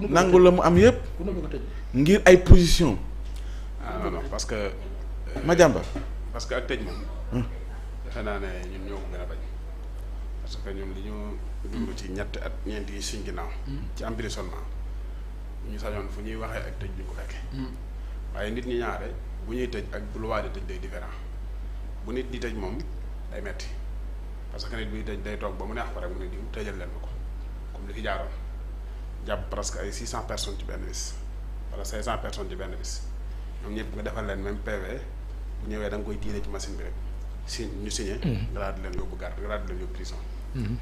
nangu la mu am yëpp. ngir ay position ah parce que. Euh, ma jàmba parce que ak naa ne ñun ñoo ko bañ. parce li ñu dund ci ñett at ñeenti yi suñ ginnaaw. ci emprisonnement ñu sañoon fu ñuy waxee ak tëj bi ñu ko fekkee. waaye nit ñi ñaare bu ñuy tëj ak bu lu waaj a tëj day différent bu nit di tëj moom day metti parce que nit buy tëj day toog ba mu neex ko rek mu ne di tëjal leen ko comme li fi jaaroon. jàpp presque ay six cent personnes ci benn bis wala cinq cent personnes ci benn bis ñoom ñëpp nga defal leen même PV ñëwee da koy tiire ci machine bi rek si ñu signé. Mm. nga daal di leen yóbbu garde nga daal di leen yóbbu prison. Mm-hmm.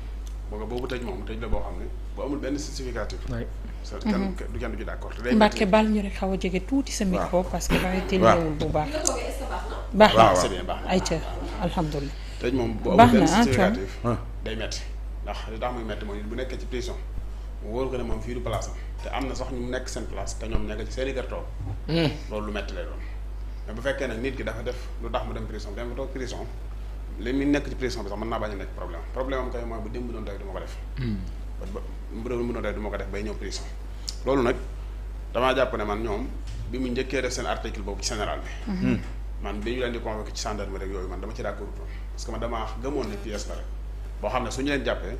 boobu boobu tëj moom tëj la boo xam ne bu amul benn justificatif. waay c'est kenn mm-hmm. bal ñu rek xaw a jege tuuti sa micro. parce que dafay tëjewul bu baax. baax na c'est bien baax na ay ca alhamdulilah. tëj moom bu amul benn ah, justificatif ah. day metti ndax li tax muy metti mooy bu nekkee ci prison. wóor ko ne moom fii du place am te am na sax ñu nekk seen place te ñoom nekk ci seen i kër toog hmm. loolu lu metti lay doon mais bu fekkee nag nit ki dafa def lu tax mu dem prison dem toog prison li muy ma ko hmm. loolu nag damaa jàpp ne man ñoom bi mu njëkkee def seen article boobu ci général bi hmm. man bi ñu leen di convoqué ci gendarmerie rek yooyu man dama ci d'accord parce que man damaa gëmoon ne pièce la rek boo xam ne su ñu leen jàppee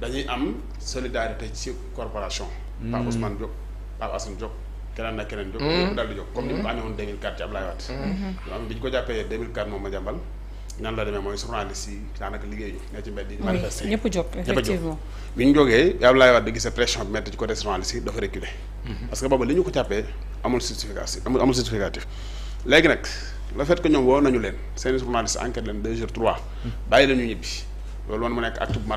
dañuy am solidarité ci corporation. Mm. Pape Ousmane Diop Pape Assane Diop keneen ak keneen Diop. Mm. ñëpp daal di comme ni mu ko mm. amee woon 2004 ci Ablaye Wade. Mm-hmm. bi ñu ko jàppee 2004 moom ma jàmbal nan la demee mooy journaliste yi daanaka liggéeyu ne ci mbedd yi. manifester ñëpp jóg effectivement bi ñu jógee Ablaye Wade gis pression bi métti ci côté yi dafa reculer. Mm-hmm. parce que boobu li ñu ko jàppee amul certification léegi nag le fait que ñëw woo nañu leen seen journaliste enquête leen deux nekk acte bu ma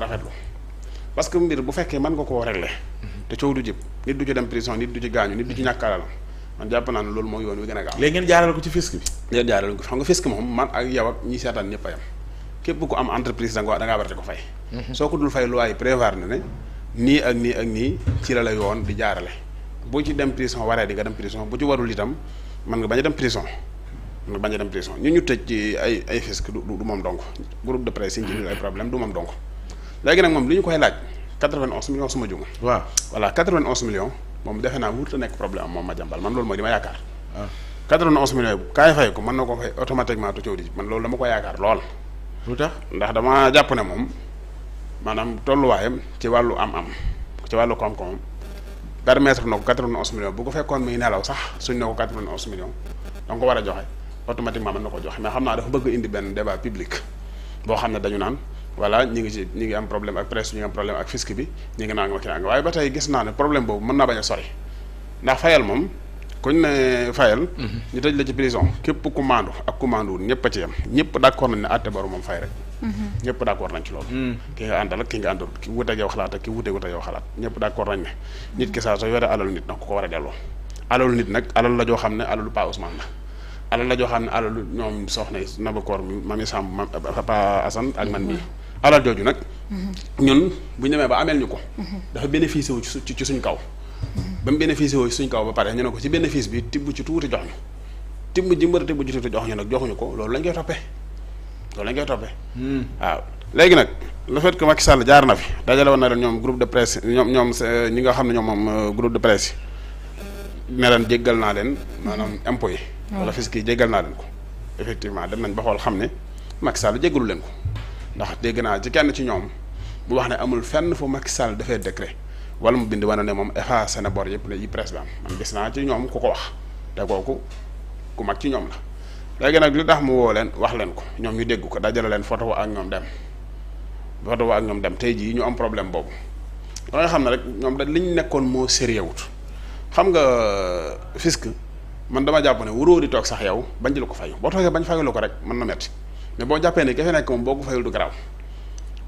parce que mbir bu fekkee mën nga koo régler te coow du jib nit du ci dem prison nit du ci gaañu nit du ci ñàkk alal man jàpp naa ne loolu mooy yoon wi gën a gaaw léegi ngeen jaarale ko ci fisc bi ngeen jaarale ko xam nga fisc moom man ak yow a nga da ngaa ko fay mhm. soo ko dul fay loi yi prévoir na ne nii ak nii ak nii ci la la yoon jaarale bu ci dem prison waree di nga dem prison bu ci warul itam mën nga bañ a dem prison nga bañ a dem prison ñu ñu tëj ci ay ay fisc du moom donc groupe de presse yi ñu ay problème du moom donc léegi nag moom li ñu koy laaj 91 millions su ma juum. waaw voilà 91 millions moom defe naa wurta nekk problème am moom Madiambal man loolu mooy li ma yaakaar. waaw ah. 91 millions yi kaay fay ko mën na ko fay automatiquement tu coow di man loolu dama ko ndax dama jàpp ne moom maanaam tolluwaayam ci wàllu am-am ci wàllu koom-koom na ko 91 millions bu ko fekkoon muy nelaw sax suñ na ko 91 millions da nga ko war a joxe automatiquement mën na ko joxe mais xam naa dafa bëgg indi benn débat public boo xam ne dañu naan. voilà ñi ngi ci ñi ngi am problème ak presse ñi ngi am problème ak fisc bi ñi ngi naan nga waaye ba tey gis naa ne problème boobu mën naa bañ a sori ndax fayal moom kuñ ne fayal. Mhm. ñu tëj la ci prison képp ku maandu ak ku maanduwul ñëpp a ci yem ñëpp d' accord nañ ne àtte baru moom fay rek. Mhm. ñëpp d' accord nañ ci loolu. Mm. ki nga àndal ak ki nga àndul ki wuteeg yow xalaat ak ki wuteegut yow xalaat ñëpp d' accord nañ ne. nit ki saa soo yore alalu nit nag a delloo. alalu la joo xam ne alalu Pa Ousmane la. alal la joo xam ne alalu ñoom soxna yi Nabakoor mi Mami Samb Papa Assane ak man mii. alal jooju nag. Mhm. ñun bu ñu demee ba ameel ñu ko. Mhm. dafa bénéficié wu ci ci suñ kaw. Mhm. ba mu bénéficié ci suñ kaw ba pare ñu ne ko ci bénéfice bi tibb ci tuuti jox ñu tibb ji mbër tibb ci tuuti jox ñu nag joxuñu ko loolu lañ koy toppee loolu lañ koy toppee. Hmm. waaw léegi nag le fait que Macky Sall jaar na fi dajale woon na leen ñoom groupe de presse ñoom ñoom euh, ñi nga xam ne ñoom moom euh, groupe de presse yi ne leen jéggal naa leen maanaam impôt yi. wala fisc yi naa leen ko effectivement dem nañ ba xool xam ne Macky Sall jéggalu leen ko. ndax dégg naa ci kenn ci ñoom mu wax ne amul fenn fu Macky Sall dafay décret wala mu bind wane ne moom effacé na bor yëpp ne yi presse la am man gis naa ci ñoom ku ko wax te kooku ku mag ci ñoom la léegi nag li tax mu woo leen wax leen ko ñoom ñu dégg ko dajale leen photo ak ñoom dem photo ak ñoom dem tey jii ñu am problème boobu da nga xam ne rek ñoom da liñ nekkoon moo sérieux wut xam nga euh, fisc man dama jàpp ne waroo di toog sax yow bañ di la boo toogee bañ fayu ko rek mën na metti mais boo jàppee ne kafe nekk moom boo ko fayul du garaaw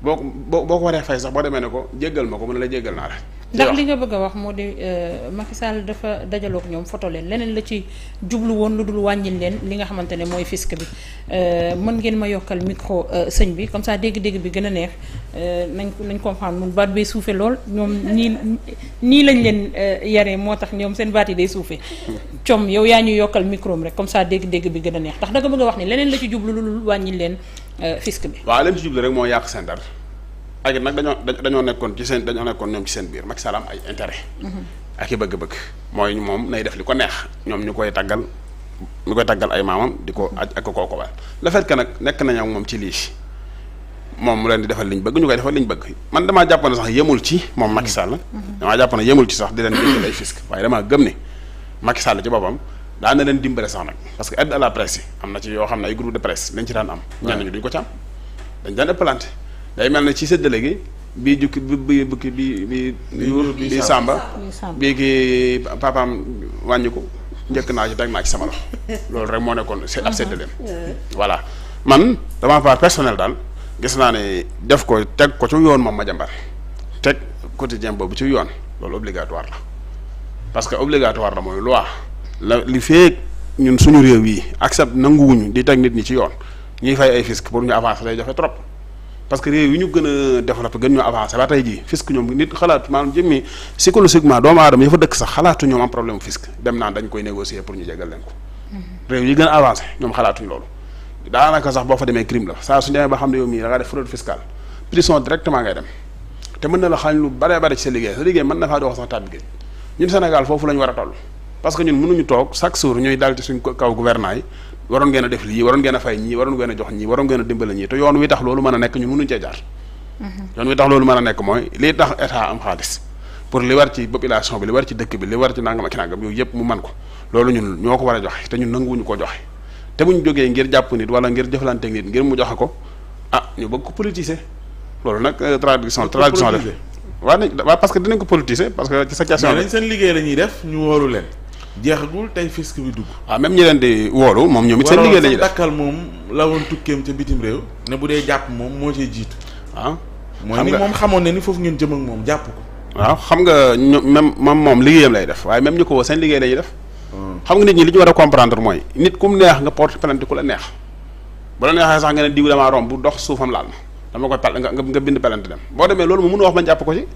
boo ko boo ko waree fay sax boo demee ne ko jéggal ma ko mu ne la jéggal naa la ndax li nga bëgg a wax moo di euh, Macky Sall dafa dajaloog ñoom foto leen leneen la ci jublu woon lu dul wàññil leen li nga xamante ne mooy fisc bi euh, mën ngeen ma yokkal micro euh, sëñ bi comme ça dégg-dégg bi gën a neex nañ nañ comprendre mun baat bay suufe lool ñoom nii nii lañ leen yaree moo tax ñoom seen baat yi day suufe com yow yaa ñu yokkal micro rek comme ça dégg bi a neex ndax da nga wax ni leneen la ci jublu lu dul leen fisc bi waaw leen ci rek moo yàq seen dara ak it nag dañoo dañoo nekkoon ci seen dañoo nekkoon ñoom ci seen biir Macky Sall am ay mhm. bëgg-bëgg mooy moom nay def li ko neex ñoom ñu koy taggal ñu koy taggal ay maamam di ko aj ak koo ko waral le fait nekk nañu ak moom ci lii moom mu leen di defal liñ bëgg ñu koy defal liñ bëgg man damaa jàpp ne sax yemul ci moom Macky Sall mhm. Mhm. damaa jàpp ne yemul ci sax di leen jéggal ay fisc waaye damaa gëm ne Macky Sall ci boppam daan leen dimbale sax nag parce que aide la presse yi am na ci yoo xam ne ay groupe de presse lañ ci daan am ñenn ñu duñ ko ci am dañ daan ëppalante day mel na ci séddale gi bii jukki bi bi bukki bi bi bi sàmba bii ki papaam wàññi ko njëkk naa ci teg naa ci sama loxo loolu rek moo nekkoon c'est ab uh-huh. séddaleem uh-huh. voilà man dama part personnel daal gis naa ne def ko teg ko ci yoon moom ma jàmbar teg quotidien boobu ci yoon loolu obligatoire la parce que obligatoire la mooy loi la li feek ñun suñu réew yi accepte nanguwuñu di teg nit ñi ci yoon ñuy fay ay fisc pour ñu avancer lay jafe trop parce que réew yi ñu gën a gën ñoo avancé ba tey jii fisc ñoom nit xalaatu maanaam jëmmi psychologiquement doomu aadama ya fa dëkk sax xalaatu ñoom am problème mu dem naan dañ koy négocier pour ñu jégal leen mhm. réew yi gën a ñoom xalaatuñ loolu daanaka sax boo fa demee crime la saa suñu demee ba xam ne yow mii da def fraude fiscale prison directement ngay dem te mën na la xañ lu bare bare ci sa liggéey sa liggéey mën na faa dox a toll que ñun mënuñu toog chaque jour waroon ngeen def lii waroon ngeen a fay ñii waroon ngeen a ñii te yoon wi tax loolu mën a nekk ñun mënuñ cee jaar mhm. yoon wi tax loolu mën a nekk mooy lii tax état am xaalis pour li war ci population bi li war ci dëkk bi li war ci nangam ak nangam mu man ko loolu ñun ñoo ko war a joxe te ñun nanguwuñu ko joxe te buñ jógee ngir jàpp nit wala ngir jëflante nit ngir mu joxe ko ah ñu bëgg ko politiser loolu nag euh, traduction traduction def waa nañ waa parce que dinañ ko sa question seen liggéey la ñuy def ñu wóoru leen jeexagul tey fisc bi dugg. waaw ah, même ñi leen di woolu moom ñoom it seen liggéey la ñuy def dakkal moom la woon réew. ne bu dee jàpp moom moo cee jiitu. ah mooy ni moom xamoon ne ni foofu ngeen jëm ak moom jàpp ko. xam nga ñoom même moom moom liggéeyam lay def waaye même ñu ko woo liggéey la def. Hmm. xam nga nit ñi li ñu war a comprendre mooy nit ku mu neex nga porte plainte ku la neex bu la neexee sax nga ne diw damaa bu dox suufam laal ma dama koy pal nga bind plainte dem boo demee loolu mu mënu wax ma jàpp ko ci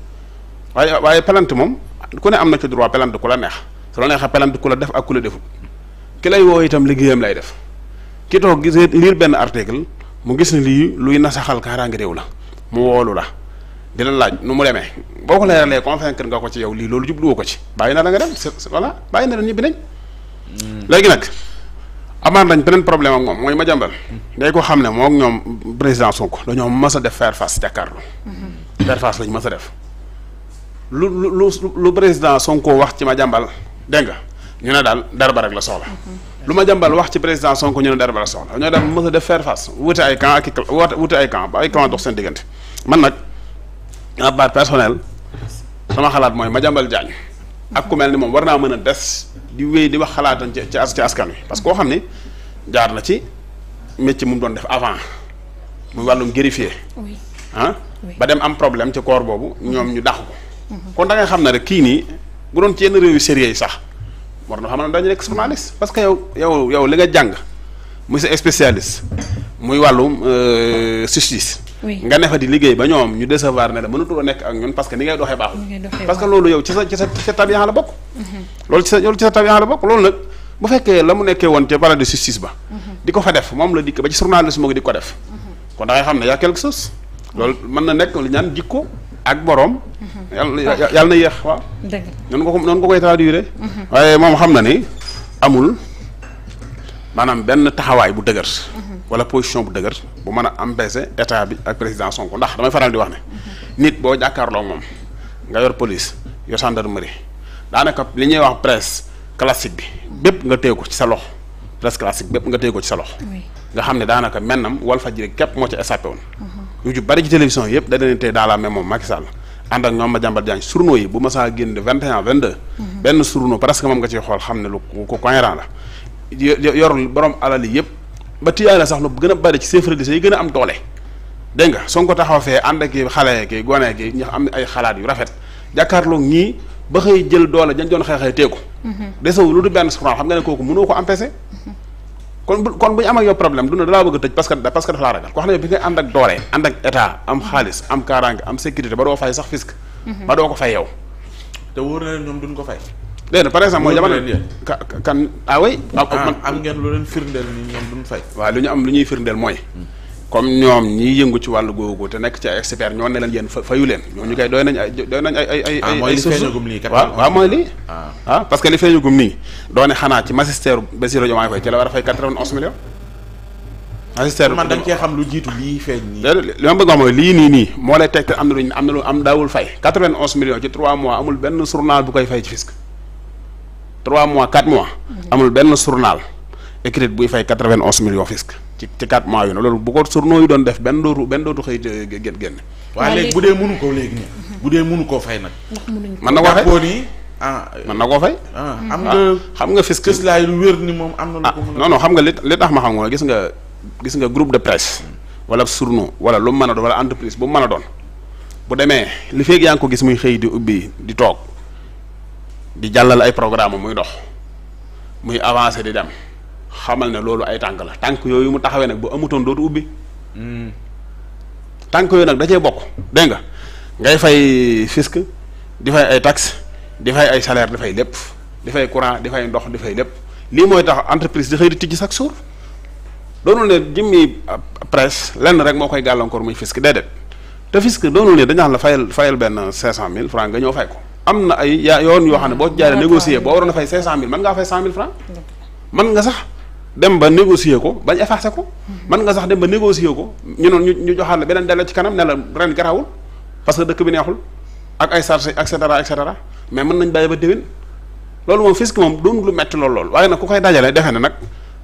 waaye waaye plainte moom ku ne am na ci droit plainte ku la neex su la neexee pelant ku la def ak ku la defut ki lay woo itam liggéeyam lay def ki toog gisee liir benn article mu gis ni lii luy nasaxal kaaraange réew la mu woolu la di la laaj nu mu demee boo ko leeralee convaincre nga ko ci yow lii loolu jubluwoo ko ci bàyyi na la nga dem voilà bàyyi na la ñibbi nañ. Hmm. léegi nag amaan nañ beneen problème ak moom mooy ma jàmbal hmm. day ko xam ne moo ak ñoom président Sonko dañoo mës a def faire face jàkkaarloo. Hmm. faire face lañ mës a def lu lu lu président Sonko wax ci ma jàmbal dégg nga ñu ne daal Darba rek la soxla lu ma jàmbal wax ci président Sonko ñu ne Darba la soxla ñoo daal mos a def faire face wute ay camp ak i wute ay camp ba ay camp dox seen diggante man nag à part personnel sama xalaat mooy ma jàmbal jaañ ak ku mel ni moom war naa mën a des di wéy di wax xalaatam ci ci askan wi parce que koo xam ni jaar na ci métier mu doon def avant muy wàllum greffier ah ba dem am problème ci corps boobu ñoom ñu dax ko mm-hmm. kon da ngay xam ne rek kii nii bu doon ci yenn réew yu sérieux yi sax war na xam ne dañu nekk journaliste parce que yow yow li nga jàng muy sa spécialiste muy wàllum euh, justice. nga ne fa di liggéey ba ñoom ñu décevoir ne la mënatuloo nekk ak ñun parce que ni ngay doxee baaxul. parce que loolu yow ci sa ci sa tabian la bokk. Mm-hmm. loolu ci sa tabian la bokk loolu nag bu fekkee la mu nekkee woon ca palais de justice ba. Mm-hmm. di ko fa def moom la dikk ba ci journaliste moo ngi di ko def. Mm-hmm. kon ak borom. Mhm. yàlla yàlla na yéex waaw. dëgg la noonu nga ko noonu nga koy traduire. Mhm. waaye moom xam na ni amul maanaam benn taxawaay bu dëgër. Mhm. wala position bu dëgër bu mën a am empêcher état bi ak président Sonko ndax damay faral di wax ne. nit boo jàkkaarloo moom nga yor police yor gendarmerie daanaka li ñuy wax presse classique bi bépp nga téye ko ci sa loxo presse classique bépp nga téye ko ci sa loxo. nga xam ne daanaka mennam Walfadjri képp moo ci échappé woon. yu ci bari ci télévision yëpp da leen tey dans moom Macky Sall ànd ak ñoom ma jàmbal jaañ surno yi bu ma saa génn vingt et un vingt mhm. benn surno presque moom nga ciy xool xam ne lu ko cohérent la yorul borom alal yëpp ba tiyaay la sax lu gën a bari ci séefrédise yi gën a am doole dégg nga ko taxaw fee ànd ak xale ki gone ki ñu am ay xalaat yu rafet jàkkaarloog ñii ba xëy jël doole dañ doon xeexee teeku mhm. desewul lu du benn xam kon bu kon bu ñu am ak yow problème du dalaa bëgg a tëj parce que parce que dafa laa ragal ko xam ne bi nga ànd ak doole ànd ak état am xaalis am kaaraange am sécurité ba doo fay sax fisc mhm. ba doo ko fay yow te wóor na leen ñoom duñ ko fay léegi par exemple mooy jamono ka kan ah oui ah, ah, am ngeen lu leen firndeel ni ñoom duñ fay waaw lu ñu am lu ñuy firndeel mooy mm. comme ñoom ñiy yëngu ci wàllu googu te nekk ci ay expert ñoo ne leen yéen fayu leen ñooñu kay doy nañ ay doy nañ ay ay ay ah, mooy lii ah. Ah, parce que li feeñagum nii doone xanaa ci magistère Bassirou Diomaye Faye ci la war a dañ cee xam lu jiitu lii feeñ nii li ma bëgg wax mooy lii nii nii moo lay teg te am na luñ am na lu am daawul fay quatre-vingt-onze millions ci trois mois amul benn journal bu koy fay ci trois mois quatre mois mm-hmm. amul benn journal écrit buy fay quatre-vingt-onze millions fisc ci ci quatre mois yu ne loolu bu ko journaux yu doon def benn dootu benn dootu xëy génn génn waaw bu dee mënu ko léegi nii mm-hmm. bu dee mënu koo fay nag man ah, na koo fay nii man na koo fay am nga ah, xam nga fisc gis laay lu wér ni moom am na lu ah, ko xam nga li li tax ma xam gis nga gis nga groupe de presse mm-hmm. wala journaux wala lu mën a doon wala entreprise bu mën a doon bu demee li feeg yaa ngi ko gis muy xëy di ubbi di toog di jàllal ay programme muy dox muy avancé di dem xamal ne loolu ay tànk la tànk yooyu mu taxawee nag bu amutoon dootu ubbi tànk yooyu nag da cee bokk dégg nga ngay fay fisc di fay ay taxes di fay ay salaire di fay lépp di fay courant di fay ndox di fay lépp lii mooy tax entreprise di xëy di sax chaque jour doonul ne jëmmi presse lenn rek moo koy gàllankoor muy fisc déedéet te fisc doonul ne dañu la fayal fayal benn cinq cent mille franc nga ñëw fay ko am na ay yoon yoo xam ne boo jaaree négocier boo waroon a fay cinq cent mille mën ngaa fay cent mille franc mën nga sax dem ba négocier ko bañ effacé ko mën nga sax dem ba négocier ko ñu noonu ñu ñu joxaat la beneen delloo ci kanam ne la ren garawul parce que dëkk bi neexul ak ay charge et cetera et mais mën nañ bàyyi ba déwén loolu moom fisc moom doon lu metti lool lool waaye nag ku koy dajalee defe ne nag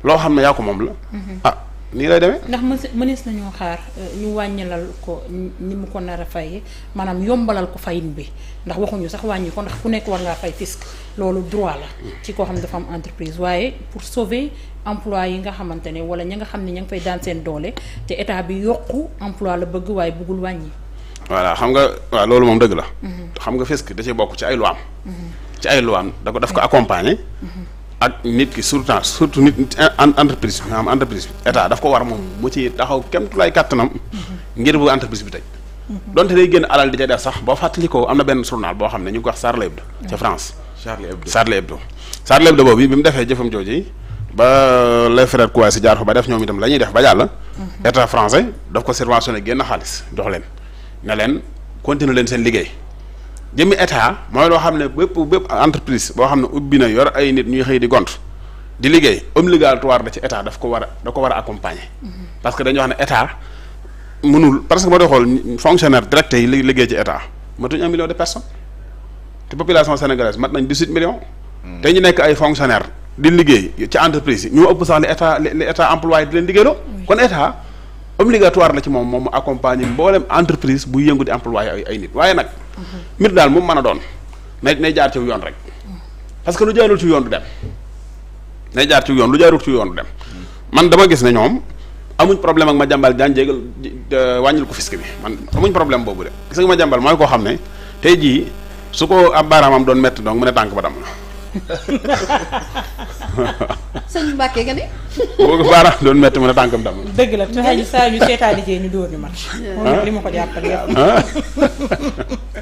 loo xam ne yaa ko moom la mhm. ah nii lay demee. ndax mënees nañoo xaar euh, ñu wàññilal ko ni mu ko nar a fayee maanaam yombalal ko fayin bi ndax waxuñu sax wàññi ko ndax ku nekk war ngaa fay fisc loolu droit la. ci koo xam ne dafa am entreprise waaye pour sauver emploi yi nga xamante ne wala ñi nga xam ne ña ngi fay daan seen doole te état bi yokku emplois la bëgg waaye bëggul wàññi. voilà xam nga waaw loolu moom dëgg la. Mhm. xam nga fisc da cee bokk ci ay loi am. Mhm. ci ay loi am da ko daf ko accompagner. Mhm. ak nit ki surtout surtout nit entreprise bi am entreprise bi état daf ko war moom mu ci taxaw kem tulaay kàttanam ngir bu entreprise bi tey donte day génn alal di ca def sax boo fàttali ko am na benn journal boo xam ne ñu ngi ko wax Charlie Hebdo ca France Charlie Hebdo Charlie Hebdo boobu bi mu defee jëfam jooju ba les frères Kouassi jaar fa ba def ñoom itam la ñuy def ba jàll état français daf ko subventionné génn xaalis jox leen na leen continuer leen seen liggéey jëmi état mooy loo xam ne bépp bépp entreprise boo xam ne ubbi na yor ay nit ñuy xëy di gont di liggéey obligatoire da ci état daf ko war a da ko war a accompagner. Mm-hmm. parce que dañuy ne état mënul parce que ma doon xool direct yi liggéey ci état matuñ un million de personnes te population sénégalaise mat nañ dix-huit millions. Mm. te ñu nekk ay fonctionnaire di liggéey ci entreprise yi ñoo ëpp sax li état li état employé di leen liggéeyloo. kon état obligatoire la ci moom moom mu accompagner mboolem entreprise buy yëngu di employé ay nit waaye nag. mbir daal moom mën a doon nay nay jaar ci yoon rek parce que lu jaarul ci yoon du dem nay jaar ci yoon lu jaarul ci yoon du dem man dama gis ne ñoom amuñ problème ak ma jàmbal jaan jégal euh, wàññil ko fisc bi man amuñ problème boobu de gis nga ma jàmbal mooy koo xam ne tey jii su ko ab baaraamam doon métti donc mu ne tànk ba dam na sëñ Mbacke nga ne. boo ko baaraam doon métti mën a tànkam dam dëgg la te xëy saa yu seetaani jee ñu dóor ñu ah. ah.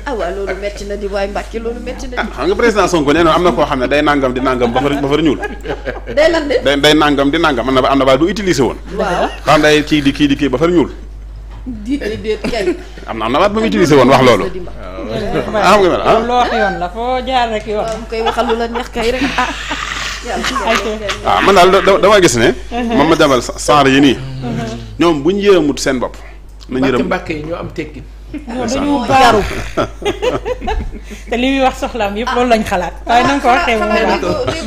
Ah, loolu métti na di waaye Mbacke loolu métti na di. xam nga président Sonko na am na koo xam ne day nangam di nangam ba far ba far ñuul. day lan de. nangam di nangam am na am na ba du utiliser woon. waaw xam day kii di kii di kii ba far ñuul. di déet kay. am na am na waat ba mu utilisé woon wax loolu. ah xam nga mel loo wax yoon la foo jaar rek yoon. koy waxal la neex kay rek waaw ah, man daal da damaa gis ne. ma ma demal saar yi nii. ñoom bu ñu yërëmut seen bopp. nañ yërëm mbàkk yi ñoo am tekki. dañu baaru te li muy wax soxlaam yëpp loolu lañ xalaat ah, waaye na nga ko waxee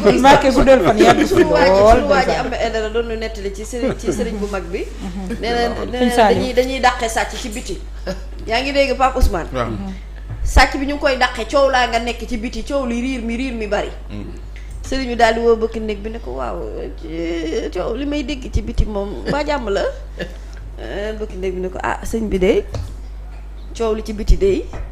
bu mbàkke bu del fan yàgg suñu waa ji am doon nettali ci sëriñ bu mag bi mhm. nee na nee dañuy dañuy dàqe sàcc ci biti yaa ngi dégg Pape Ousmane sàcc bi ñu koy dàqe coow laa nga nekk ci biti coow li riir mi riir mi bari mhm. sëriñ bi daal di woo bëkk néeg bi ne ko waaw coow li may dégg ci biti moom ba jàmm la eh, bëkk néeg bi ne ko ah sëñ bi de coow li ci biti de